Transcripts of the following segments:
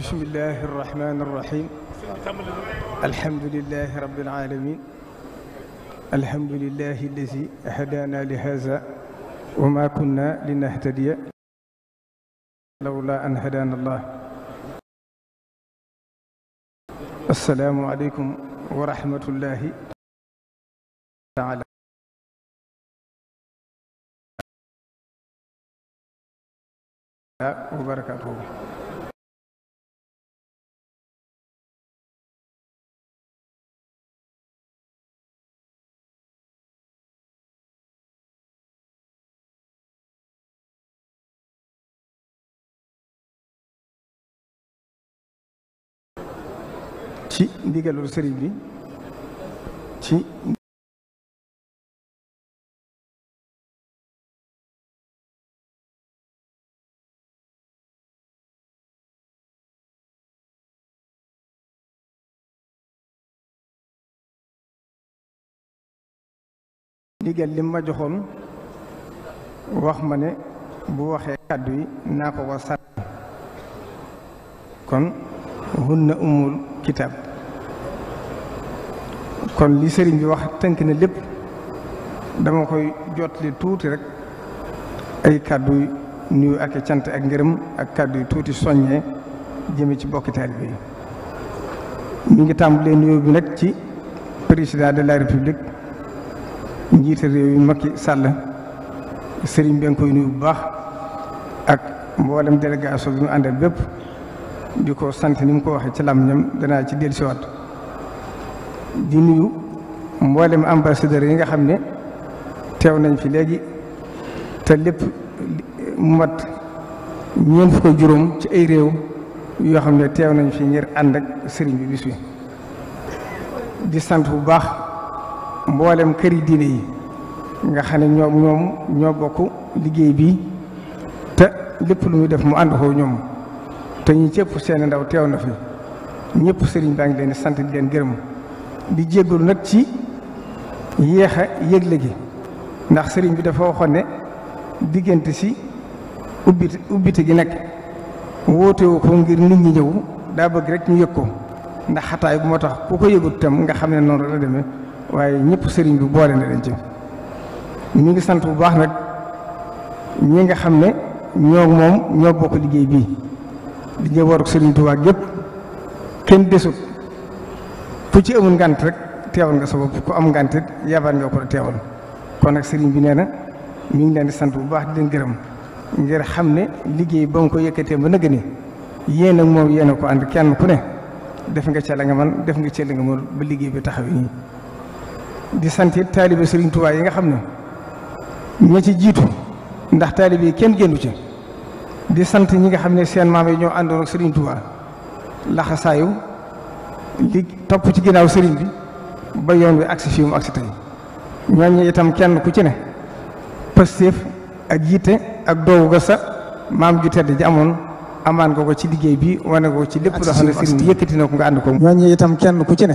bismillahi irrahmani irrahim alhamdulilahi rabbil alamin alhamdulilahi allazi hadana li haza wa ma kunna linahtadiya lawla an hadana allah assalaamu aleykum wa rahmatullahi taala wa barakatuhu ci ndigalul sëriñ bi ci ndigal li ma joxoon wax ma ne bu waxee kàddu yi naa ko ko sànni kon hunna umul kon li sëriñ bi wax tënk na lépp dama koy jotle tuuti rek ay kàddu nuyu ak i ak ngërëm ak kàddu yu tuuti soññee jëme ci bokki taalibe yi ngi tàmbalee nuyoo bi nag ci président de la république njiite réew yi Macky Sall sëriñ bi nga koy nuyu bu baax ak mboolem délégation bi mu àndal bépp di ko sant ni mu ko waxee ci làmmiñam danaa ci dellusiwaat di nuyu mboolem ambassadeur yi nga xam ne teew nañ fi léegi te lépp mu mat ñeent fukk juróom ci ay réew yoo xam ne teew nañ fi ngir ànd sëriñ bi bis bi di sant bu baax mboolem këri diine yi nga xam ne ñoom ñoom ñoo bokk liggéey bi te lépp lu muy def mu ànd ko ñoom te ñu cëpp seen ndaw teew na fi ñëpp sëriñ baa ngi leen di sant di leen gërëm di jéggalu nag ci yéex a yëgle gi ndax sëriñ bi dafa waxoon ne diggante si ubbite ubbite gi nag wootewu ko ngir nit ñi ñëw daa bëgg rek ñu yëg ko ndax xataay bu moo tax ku ko yëgut tam nga xam ne noonu la demee waaye ñëpp sëriñ bi boole na leen ci ñu ngi sant bu baax nag ñi nga xam ne ñoo moom ñoo bokk liggéey bii di njabootu Sëriñ Tuubaa gépp kenn desut fu ci amul ngant rek teewal nga sa ko ku am ngant it yabal nga ko teewal kon nag sëriñ bi nee na mi ngi leen di sant bu baax di leen gërëm ngir xam ne liggéey ba mu ko yëkkatee ba yéen ak moom yéen a ko ànd kenn ku ne def nga ca la nga man def nga ca la nga mën ba liggéey bi taxaw nii di sant it taalibe Sëriñ Tuubaa yi nga xam ne ña ci jiitu ndax taalibe kenn génnu ci. di sant ñi nga xam ne seen maam yi ñoo àndoon ak Serigne Touba laxasaayu li topp ci ginnaaw sëriñ bi ba yoon bi agsi fii mu agsi tey ñooñu itam kenn ku ci ne pëstéef ak yitte ak doogu ga sa maam ju tedd ji amoon amaan nga ko ci liggéey bi wane ko ci lépp loo xam ne Serigne bi yëkkati na ko nga ànd ko. ñooñu itam kenn ku ci ne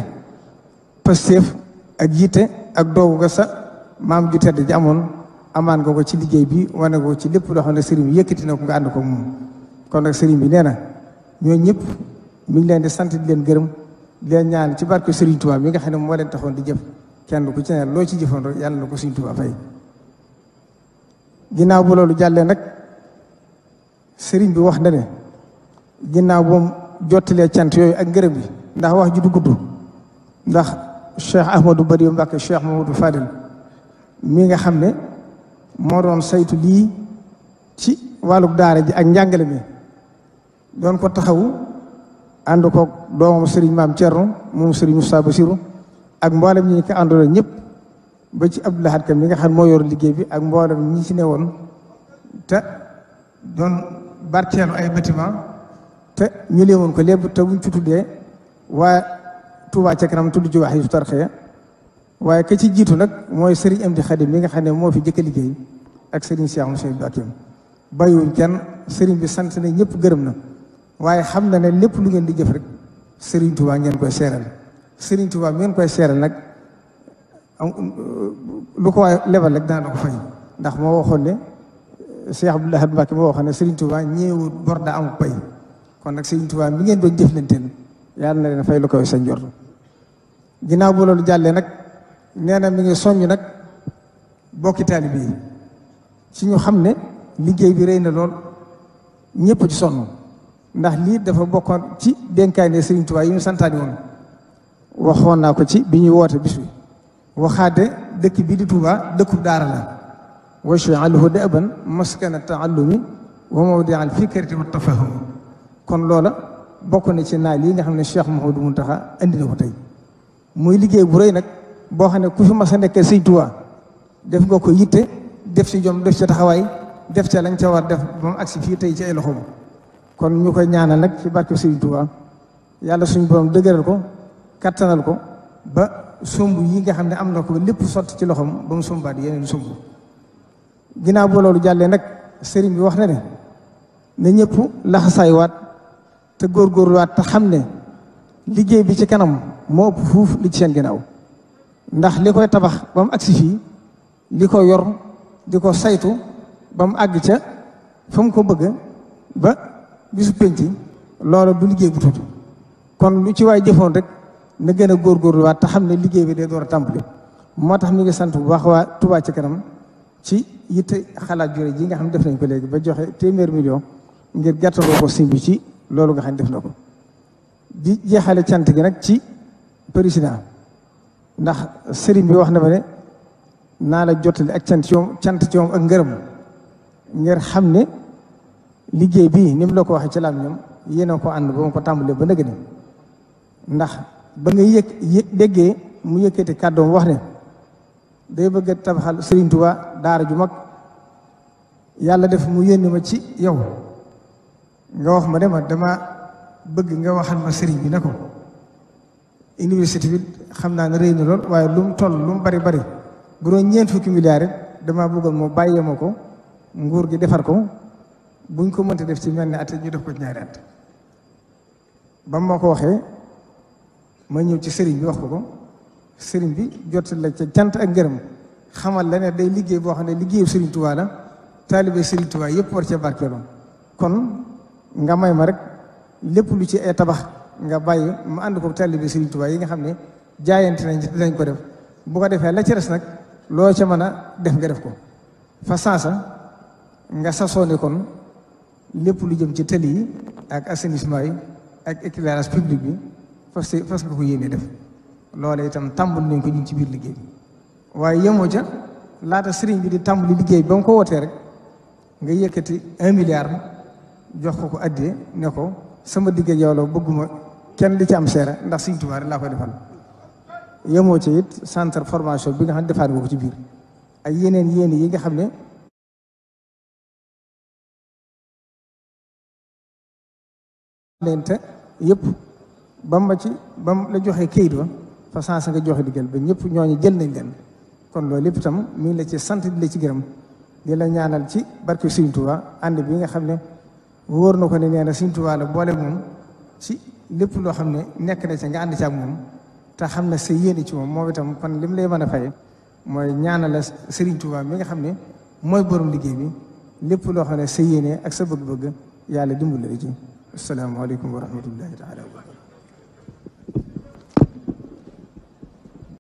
pëstéef ak yitte ak doogu ga sa maam ju tedd ji amoon. amaan nga ko ci liggéey bi wane ko ci lépp loo xam ne sëriñ bi yëkkati na ko nga ànd ko moom kon nag seriñ bi nee na ñoo ñëpp mi leen di sant di leen gërëm di leen ñaan ci barke sëriñ Tuubaa mi nga xam ne moo leen taxoon di jëf kenn ku ci ne loo ci jëfoon rek yàlla ko sëriñ Tuubaa fay ginnaaw jàllee nag sëriñ bi wax na ginnaaw boom jottalee cant yooyu ak ngërëm bi ndax wax ju du gudd ndax Cheikh Ahmadou Bari Mbacké Cheikh Mamadou Fadel mi nga xam ne moo doon saytu lii ci wàlluk daara ji ak njàngale mi doon ko taxawu ànd ko doomu sëriñ maam Thierno moom sëriñ Moussa siru ak mboolem ñi ñu ko àndoon ñëpp ba ci Abdou Lahad Kam mi nga xam moo yor liggéey bi ak mboolem ñi ci ne woon te doon barteelu ay bâtiment te ñu lee ko lépp te buñ ci tuddee waa Touba ca kanam tudd ci wax yu tarxee waaye ka ci jiitu nag mooy sëriñ Amdi Xadim mi nga xam ne moo fi jëkk liggéey ak sëriñ Cheikh Moussa Abdou Akim bàyyiwuñ kenn sëriñ bi sant na ñëpp gërëm na waaye xam na lépp lu ngeen di jëf rek sëriñ Touba ngeen koy seeral sëriñ Touba mi ngeen koy seeral nag lu ko waay lebal rek dana ko fay ndax moo waxoon ne Cheikh Abdoulaye Abdou Akim moo waxoon ne sëriñ Touba ñeewut bor daa am pay kon nag sëriñ Touba mi ngeen doon jëflanteel yàlla na leen fay lu koy sa njort ginnaaw bu jàllee nag. nee na mi ngi soññ nag bokki taalibe yi ci ñu xam ne liggéey bi rëy na lool ñëpp ci sonn ndax lii dafa bokkoon ci dénkaane Serigne Touba yi ñu santaani woon waxoon naa ko ci bi ñuy woote bis waxaate dëkk bii di Touba dëkkub daara la waj'alhu da'ban maskana ta'allumi wa mawdi'al fikrati wat tafahum kon loola bokk na ci naal yi nga xam ne Cheikh Mouhamadou Mountakha indi na ko tey muy liggéey bu rëy nag boo xam ne ku fi mas a nekkee sëñ Tuubaa def nga ko yitte def ci jom def ci taxawaay def ca lañ ca war def ba mu agsi fii tey ci ay loxoom kon ñu koy ñaanal nag ci barke sëñ Tuubaa yàlla suñu borom dëgëral ko kattanal ko ba somb yi nga xam ne am na ko lépp sotti ci loxoom ba mu sombaat yeneen somb ginnaaw boo loolu jàllee nag sëriñ bi wax na ne na ñëpp laxasaay waat te góorgóorluwaat te xam ne liggéey bi ci kanam moo ëpp fuuf li ci seen ginnaaw ndax li koy tabax ba mu agsi fii li ko yor di ko saytu ba mu àgg ca fa mu ko bëgg ba bisu penc loola bu liggéey bu tuuti kon lu ci waay jëfoon rek na gën a góor waat te xam ne liggéey bi day door a tàmbali moo tax ñu ngi sant bu baax waa Touba ci kanam ci yitte xalaat jure ji nga xam ne def nañ ko léegi ba joxe téeméer million ngir gàttaloo ko simbi ci loolu nga xam def na ko di jeexale cant gi rek ci président ndax sëriñ bi wax na ma ne naa la jottali ak cant ci moom cant ci moom ak ngërëm ngir xam ne liggéey bii ni mu la ko waxee ci laam ñoom yéen a ko ànd ba ma ko tàmbalee ba nëgg ni ndax ba nga yëg déggee mu yëkkati kàddoom wax ne day bëgg a tabaxal sëriñ Tuubaa daara ju mag yàlla def mu yénn ma ci yow nga wax ma ne ma dama bëgg nga waxal ma sëriñ bi ne ko université bi xam naa ne rëy na lool waaye lu mu toll lu mu bari bari bu doon ñeent fukki milliards it damaa bëggoon moo bàyyee ma ko nguur gi defar ko buñ ko mënta def ci mel ni at ñu def ko ci ñaari at ba ma ko waxee ma ñëw ci sëriñ bi wax ko ko sëriñ bi jot la ca cant ak ngërëm xamal la ne day liggéey boo xam ne liggéeyu sëriñ Tuubaa la sëriñ Tuubaa yëpp war ca barkeeloon kon nga may ma rek lépp lu ci ay tabax nga bay mu ànd ko taalibe Sëriñ Tuubaa yi nga xam ne jaayante nañ ci ko def bu ko defee la ci res nag loo ca mën a def nga def ko fa sansa nga sasoo ne kon lépp lu jëm ci tali yi ak assainissement yi ak éclairage public bi fas fas nga ko yéene def loola itam tàmbali nañ ko ñu ci biir liggéey waaye yemoo ca laata sëriñ bi di tàmbali liggéey bi ba mu ko wootee rek nga yëkkati un milliard jox ko ko addee ne ko sama liggéey yow la bëgguma kenn di ci am seere ndax Sëriñ Tuubaa laa koy defal yemoo ci it centre formation bi nga xam ne defaat nga ci biir ak yeneen yéen yi nga xam ne lente yëpp ba ma la joxee kayit wa fa sens nga joxe digal ba ñëpp ñooñu jël nañ leen kon loolu lépp itam mi ngi la ci sant di la ci gërëm di la ñaanal ci barke Sëriñ Tuubaa ànd bi nga xam ne wóor na ko ne nee na Sëriñ la boole moom ci lépp loo xam ne nekk na ci nga ànd ci ak moom te xam na sa yéene ci moom moom itam kon lim lay mën a fay mooy ñaanala Serigne Touba mi nga xam ne mooy borom liggéey bi lépp loo xam ne sa yéene ak sa bëgg-bëgg yàlla dimbali la ci asalaamaaleykum wa rahmatullahi taala